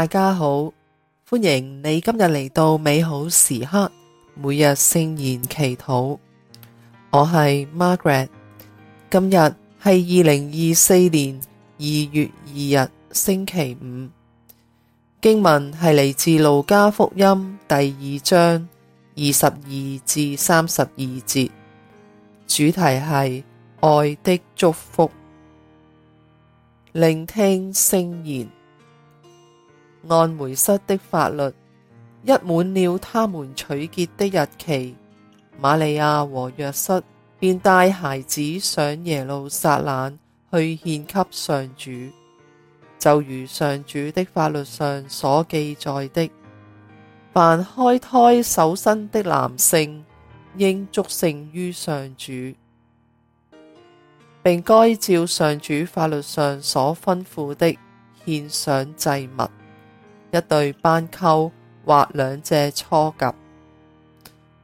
大家好，歡迎你今日嚟到美好時刻每日聖言祈禱。我係 Margaret，今日係二零二四年二月二日星期五。經文係嚟自路加福音第二章二十二至三十二節，主題係愛的祝福。聆聽聖言。按梅瑟的法律，一滿了他們取潔的日期，瑪利亞和若瑟便帶孩子上耶路撒冷去獻給上主，就如上主的法律上所記載的，凡開胎首生的男性應祝聖於上主，並該照上主法律上所吩咐的獻上祭物。一對斑鳩或兩隻雛鴿。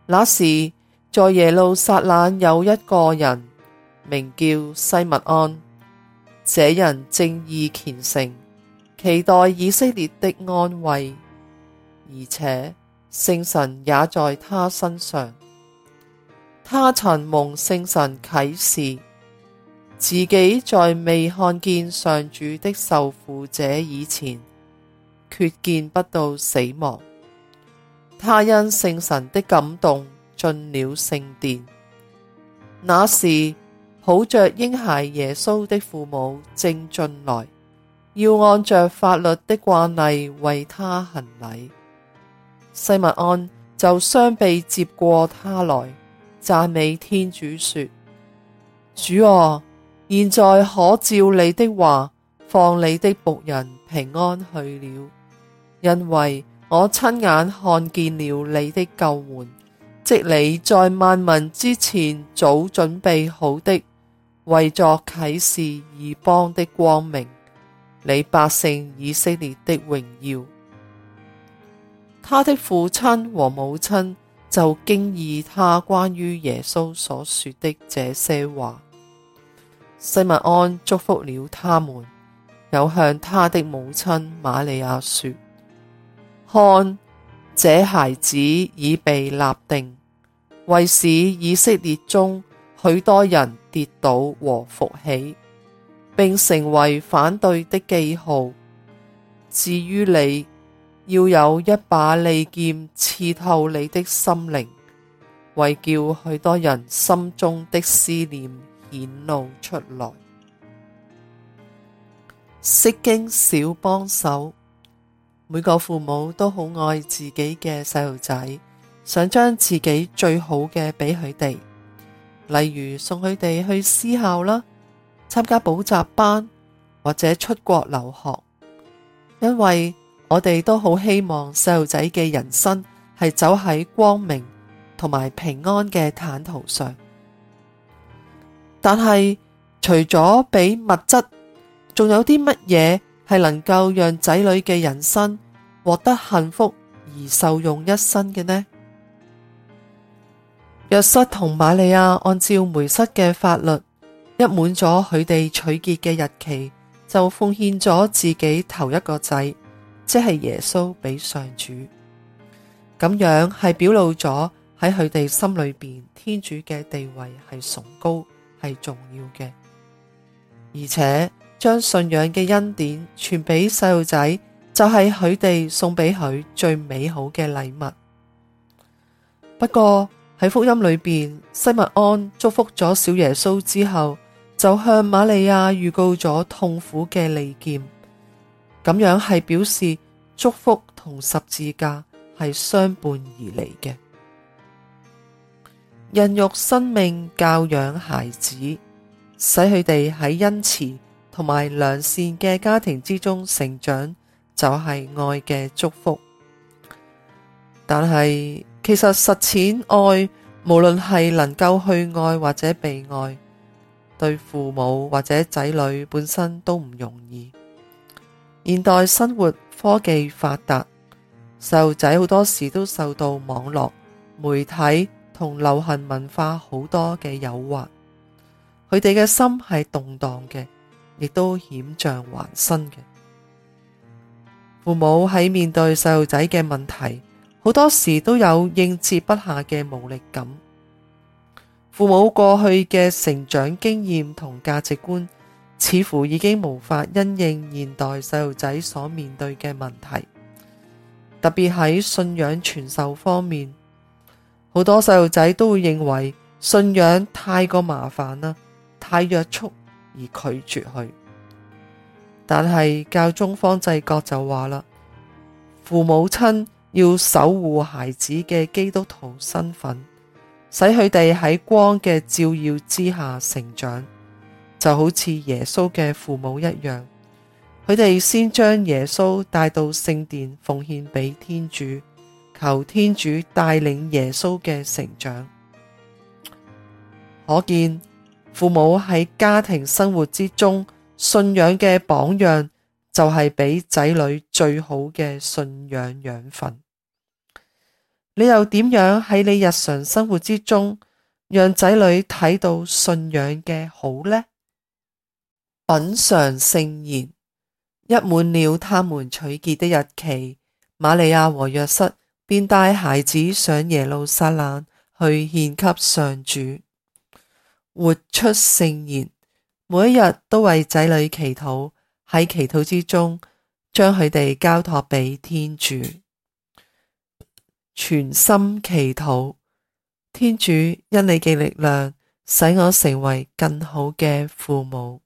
那時，在耶路撒冷有一個人，名叫西默盎。這人正義虔誠，期待以色列的安慰，而且聖神也在他身上。他曾蒙聖神啟示自己，在未看見上主的受傅者以前。卻見不到死亡。他因聖神的感動進了聖殿，那時抱着嬰孩耶穌的父母正進來，要按着法律的慣例為他行禮。西默盎就雙臂接過他來，讚美天主說：主啊，現在可照你的話。放你的僕人平安去了，因為我親眼看見了你的救援，即你在萬民之前早準備好的，為作啟示異邦的光明，你百姓以色列的榮耀。他的父親和母親就驚異他關於耶穌所說的這些話，西默盎祝福了他們。又向他的母親瑪利亞說：看，這孩子已被立定，為使以色列中許多人跌倒和復起，並成為反對的記號。至於你，要有一把利劍刺透你的心靈，為叫許多人心中的思念顯露出來。釋經小幫手，每個父母都好愛自己嘅細路仔，想將自己最好嘅俾佢哋，例如送佢哋去私校啦，參加補習班或者出國留學，因為我哋都好希望細路仔嘅人生係走喺光明同埋平安嘅坦途上。但係除咗俾物質，仲有啲乜嘢係能夠讓仔女嘅人生獲得幸福而受用一生嘅呢？若瑟同瑪利亞按照梅瑟嘅法律，一滿咗佢哋取潔嘅日期，就奉獻咗自己頭一個仔，即係耶穌俾上主。咁樣係表露咗喺佢哋心裏邊，天主嘅地位係崇高，係重要嘅，而且，將信仰嘅恩典傳俾細路仔，就係佢哋送俾佢最美好嘅禮物。不過喺福音裏邊，西默盎祝福咗小耶穌之後，就向瑪利亞預告咗痛苦嘅利劍，咁樣係表示祝福同十字架係相伴而嚟嘅。孕育生命、教養孩子，使佢哋喺恩慈同埋良善嘅家庭之中成長，就係愛嘅祝福。但係其實實踐愛，無論係能夠去愛或者被愛，對父母或者仔女本身都唔容易。現代生活科技發達，細路仔好多時都受到網絡媒體同流行文化好多嘅誘惑，佢哋嘅心係動盪嘅。亦都險象環生嘅，父母喺面對細路仔嘅問題，好多時都有應接不暇嘅無力感。父母過去嘅成長經驗同價值觀，似乎已經無法因應現代細路仔所面對嘅問題。特別喺信仰傳授方面，好多細路仔都會認為信仰太過麻煩啦，太約束。而拒絕佢，但係教宗方濟各就話啦，父母親要守護孩子嘅基督徒身份，使佢哋喺光嘅照耀之下成長，就好似耶穌嘅父母一樣，佢哋先將耶穌帶到聖殿奉獻俾天主，求天主帶領耶穌嘅成長，可見。父母喺家庭生活之中，信仰嘅榜樣就係俾仔女最好嘅信仰養分。你又點樣喺你日常生活之中，讓仔女睇到信仰嘅好呢？品嘗聖言，一滿了他們取潔的日期，瑪利亞和若瑟便帶孩子上耶路撒冷去獻給上主。活出聖言，每一日都為仔女祈禱，喺祈禱之中將佢哋交托俾天主，全心祈禱。天主，因你嘅力量，使我成為更好嘅父母。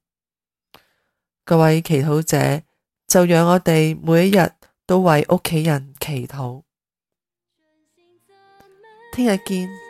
各位祈禱者，就讓我哋每一日都為屋企人祈禱。聽日見。